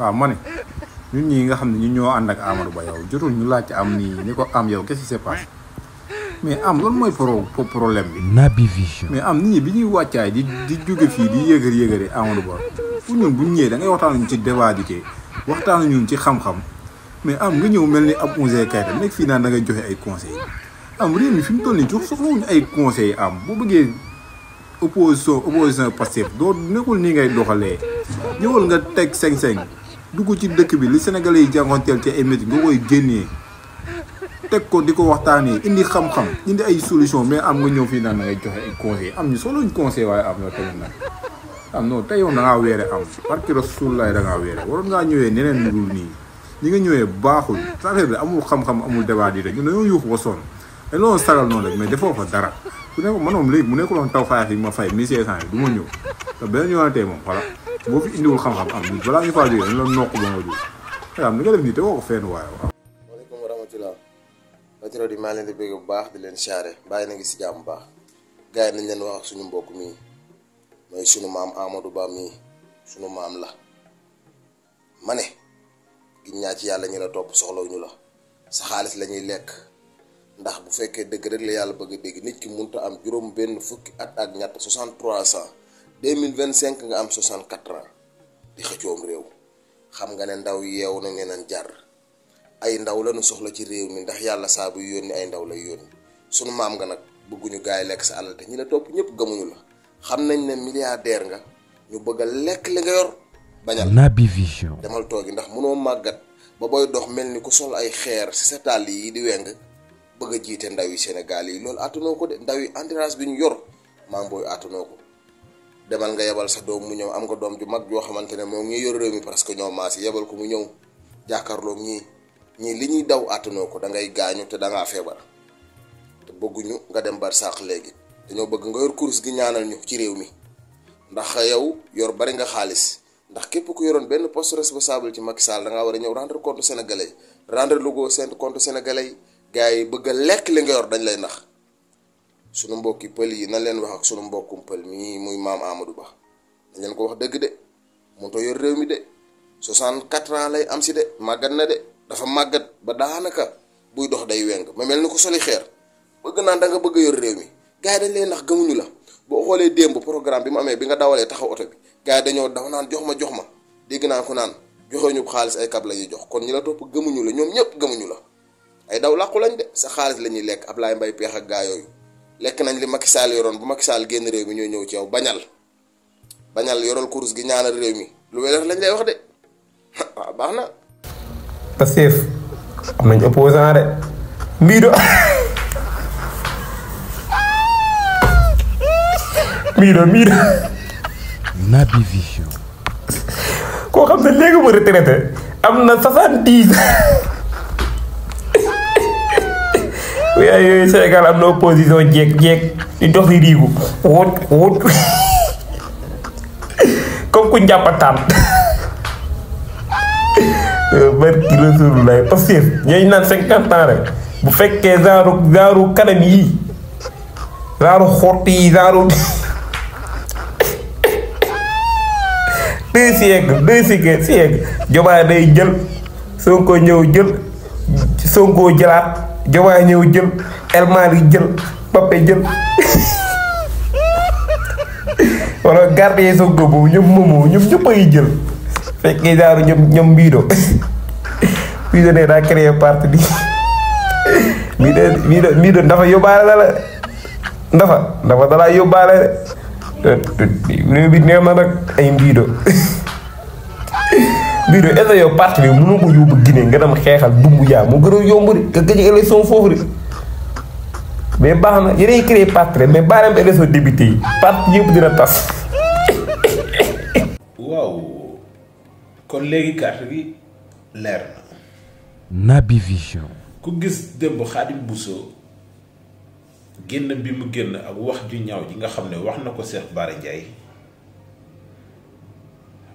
waaw ma ne ñun ñii nga xam ne ñu ñoo ànd ak Amadou Ba yow jotu ñu laajte am nii ni ko am yow qu'est-ce qui se passe mais am loolu mooy pro problème bi. Naby Vision. mais am nit bi ñuy wàccaay di di jóge fii di yëgër yëgëri Amadou Ba pour ñun bu ñu ñëwee da ngay waxtaan ñun ci débat d'idées waxtaan ñun ci xam-xam mais am nga ñëw mel ni ab Ouzin tam nekk fii naan da ngay joxe ay conseil am réew fi mu toll nii jox soxlawuñu ay conseils am boo bëggee opposition opposition Pastef doo nekkul nii ngay doxalee ñëwal nga teg seng-seng. dugg ci dëkk bi li Sénégalais yi jàngonteel ci ay métti nga koy génnee teg ko di ko waxtaanee indi xam-xam indi ay solution mais am nga ñëw fii naan na ngay joxe ay conseil am ñu solo ñu conseil waaye am na tamit nag am non te yow da ngaa weere am barki Rasulullah da ngaa weere ngaa ñëwee neneen dul nii ñi nga ñëwee baaxul affaire bi amul xam-xam amul débat yi rek ñu dañoo yuuxu ba sonn te loolu sagal noonu mais defoo fa dara bu nekk léegi mu nekkuloon taw fayax yi ma fay 1500 yi du ma ñëw te beneen yoonatee moom xala boo fi indiwul xam-xam am nit balaa ñu am di leen siyaare bàyyi na ngi si jàmm baax gars nañ leen wax suñu mbokk mii mooy suñu maam Amadou Ba mii suñu maam la ma ne giñ ñaa ci yàlla ñu la topp soxlawuñu la sa xaalis la lekk. ndax bu fekkee dëgg rek la yàlla bëgg a nit ki mënut a am juróom benn fukki at ak ñett 63 ans 2025 nga am 64 ans di xëccoom réew xam nga ne ndaw yeew na ne nañ jar ay ndaw la soxla ci réew mi ndax yàlla saa buy yónni ay ndaw lay yónni sunu maam nga nag bëgguñu gaay lekk sa àll te ñi la topp ñëpp gëmuñu la xam nañ ne milliardaire nga ñu bëgg a lekk li nga yor bañal Naby Vision demal toogi ndax mënoo màggat ba booy dox mel ni ku sol ay xeer sa tàll yi di weng bëgg a ndaw yi Sénégal yi loolu attanoo ko de yi endurance bi yor maam booy attanoo ko demal nga yebal sa doom mu ñëw am nga doom ju mag joo xamante ne moom ñuy yor réew mi parce que ñoo maas yebal ko mu ñëw jàkkaarloog ñii ñii li ñuy daw attanoo ko da ngay gaañu te da ngaa feebar te bëgguñu nga dem bar saax léegi dañoo bëgg nga yor course gi ñaanal ñu ci réew mi ndax yow yor bari nga xaalis. ndax képp ku yoroon benn poste responsable ci Macky Sall da ngaa war a ñëw rendre compte sénégalais rendre logo compte sénégalais gaay yi bëgg a lekk li nga yor dañ lay nax sunu mbokki pël yi nañ leen wax ak suñu mbokkum pël mi muy maam Amadou Ba dañ leen ko wax dëgg de mënut a yor réew mi de 64 ans lay am si de màggat na de dafa màggat ba daanaka buy dox day weng ma mel ni ko soli xeer bëgg naa da nga bëgg yor réew mi gaay yi dañ lay nax gëmuñu la boo xoolee démb programme bi mu amee bi nga dawalee taxaw oto bi gaay dañoo daw naan jox ma jox ma dégg naa ko naan joxeñu xaalis ay kab la ñuy jox kon ñi la topp gëmuñu la ñoom ñëpp gëmuñu la ay daw làqu lañ de sa xaalis la ñuy lekk Ablaye mbay peex ak gaa yooyu lekk nañ li Macky Sall yoroon bu Macky Sall génn réew mi ñooy ñëw ci yow bañal bañal yoral kurus gi ñaanal réew mi lu weer lañ lay wax de waaw baax na. Pastef koo xam ne léegi mu retraité am na soixante-dix yooyu Sénégal am na opposition jeeg jeeg di dox di riigu wut wut comme ku njàppataan barki Rasulullah parce que ñooñu naan cinquante ans rek bu fekkee genre genre kanam yii genre xott yi genre deux siècles deux siècles siècles jomaa day jël Sonko ñëw jël Sonko jëlaat Jawa ñëw jël Elmar yi jël Pape jël wala garde nyum soog boobu ñoom moomu ñoom ñëpp ay jël fekkee daaru ñoom ñoom mbiido mbiido parti bi mbiido mbiido mbiido ndafa yóbbaale la la ndafa ndafa dalaa yóbbaale de bi nee na nag ay biir de est-ce que yow parti bi mënoo ko yóbbu Guinée nga dem xeexal Doumbouya moo gën a yomb de nga gëj élection foofu de mais baax na yéenay créé parti rek mais baax na élection député yi parti yëpp dina tas. waaw kon léegi carte bi leer na. Naby Vision. ku gis démb Khadim Bousso génn bi mu génn ak wax ju ñaaw ji nga xam ne wax na ko Cheikh Bara Ndiaye.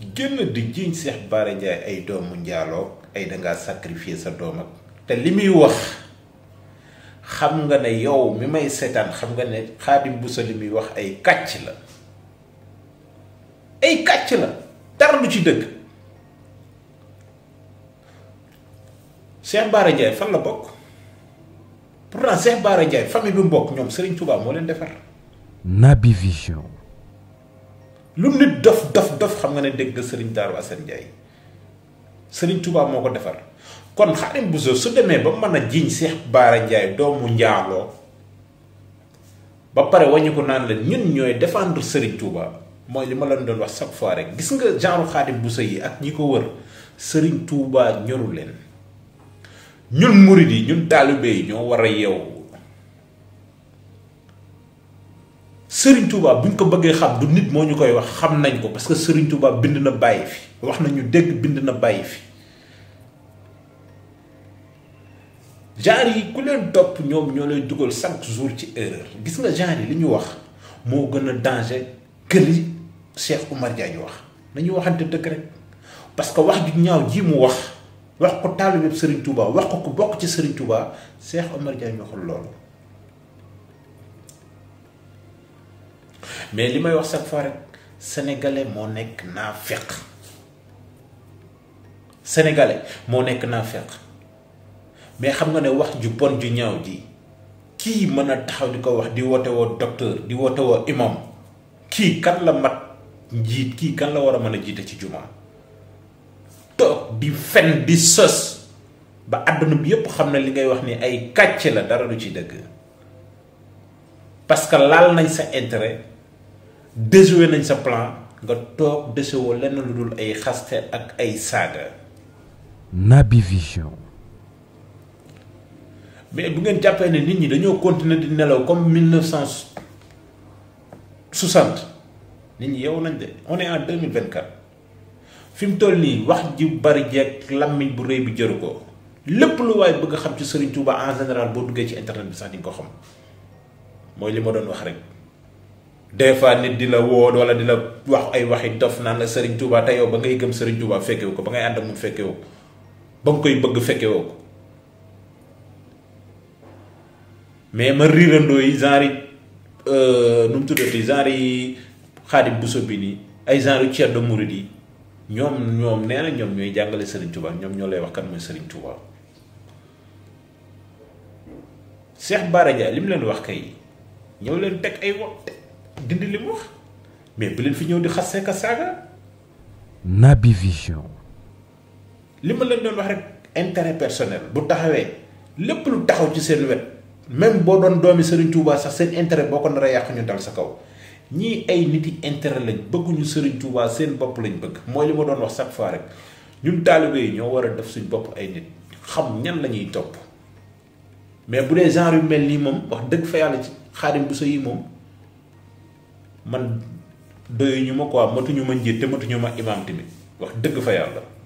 genn di jiñ Cheikh bare Ndiaye ay doomu ndialo ay nga sacrifier sa doom ak te limi wax xam nga ne yow mi may setan xam nga ne khadim bu sa li wax ay katch la ay katch la dar lu ci deug Cheikh bare fan la bok pourtant Cheikh bare fami bi ñom Serigne Touba mo len defar nabi Vision lu nit dof dof dof xam nga ne dégg sëriñ Serigne Darou Assane Ndiaye Serigne Touba moo ko defar kon bu Bousso su demee ba mën a jiiñ Seex Baara Ndiaye doomu njaaloo ba pare wañu ko naan la ñun ñooy défendre Serigne Touba mooy li ma leen doon wax chaque fois rek gis nga genre bu Bousso yi ak ñi ko wër sëriñ Touba ñoru leen ñun murid yi ñun taalibe yi ñoo war a yeewu. Serigne Touba buñ ko bëggee xam du nit moo ñu koy wax xam nañ ko parce que Serigne Touba bind na bàyyi fi wax nañu dégg bind na bàyyi fi genre yi ku leen topp ñoom ñoo lay dugal chaque jour ci erreur gis nga genre yi li ñu wax moo gën a danger que li Cheikh Oumar Diagne wax nañu waxante dëkk rek parce que wax ju ñaaw ji mu wax wax ko taalibe Serigne Touba wax ko ko bokk ci Serigne Touba Cheikh Oumar Diagne waxul loolu. mais limay wax chaque fois rek sénégalais mo nek na feq sénégalais mo nek naa feq mais xam nga ne wax ju bon ju ñaaw ji ki mën taxaw di ko wax di wo docteur di wo imam ki kan la mat njit ki kan la wara a jité ci juma tok di fen di sos ba aduna bi yep xamna li ngay wax ni ay katch la dara du ci deug parce que lal nañ sa intérêt déjoué nañ sa plan nga toog déchewoo lenn lu dul ay xaste ak ay saaga. Naby Vision. mais bu ngeen jàppee ne nit ñi dañoo continuer di nelaw comme 1960 nit ñi yow nañ de on est en 2024 fi mu toll nii wax ji bari jeeg làmmiñ bu réy bi jëru ko lépp lu waaye bëgg xam ci Serigne Touba en général boo duggee ci internet bi sax di ko xam mooy li ma doon wax rek. des fois nit dila wood wala dila wax ay waxi dof nan la serigne touba tayo ba ngay gem serigne touba fekke ko ba ngay and mu fekke fekkewu ko ba ngoy beug fekke ko mais ma rirando yi genre euh, num tudde ti genre khadim xaadim buso bi nii ay genre tier de mouride ñom ñom neena ñom ñoy jangale serigne touba ñom ñoo lay wax kan moy serigne touba cheikh baradia lim leen wax kay ñew leen tek ay wax dindi li wax mais bu leen fi ñëw di xasee ka saaga. Naby Vision. li ma leen doon wax rek intérêt personnel bu taxawee lépp lu taxaw ci seen wet même boo doon doomi Serigne Touba sax seen intérêt boo ko nar yàq ñu dal sa kaw ñii ay nit yi intérêt lañ bëgguñu Serigne Touba seen bopp lañ bëgg mooy li ma doon wax chaque fois rek ñun taalibe yi ñoo war a def suñ bopp ay nit xam ñan la ñuy topp mais bu dee genre yu mel nii moom wax dëgg fa yàlla ci xaadim bu sa moom. man doyuñu ma quoi matuñu ma njiit te matuñu ma imaam tamit wax dëgg fa yàlla.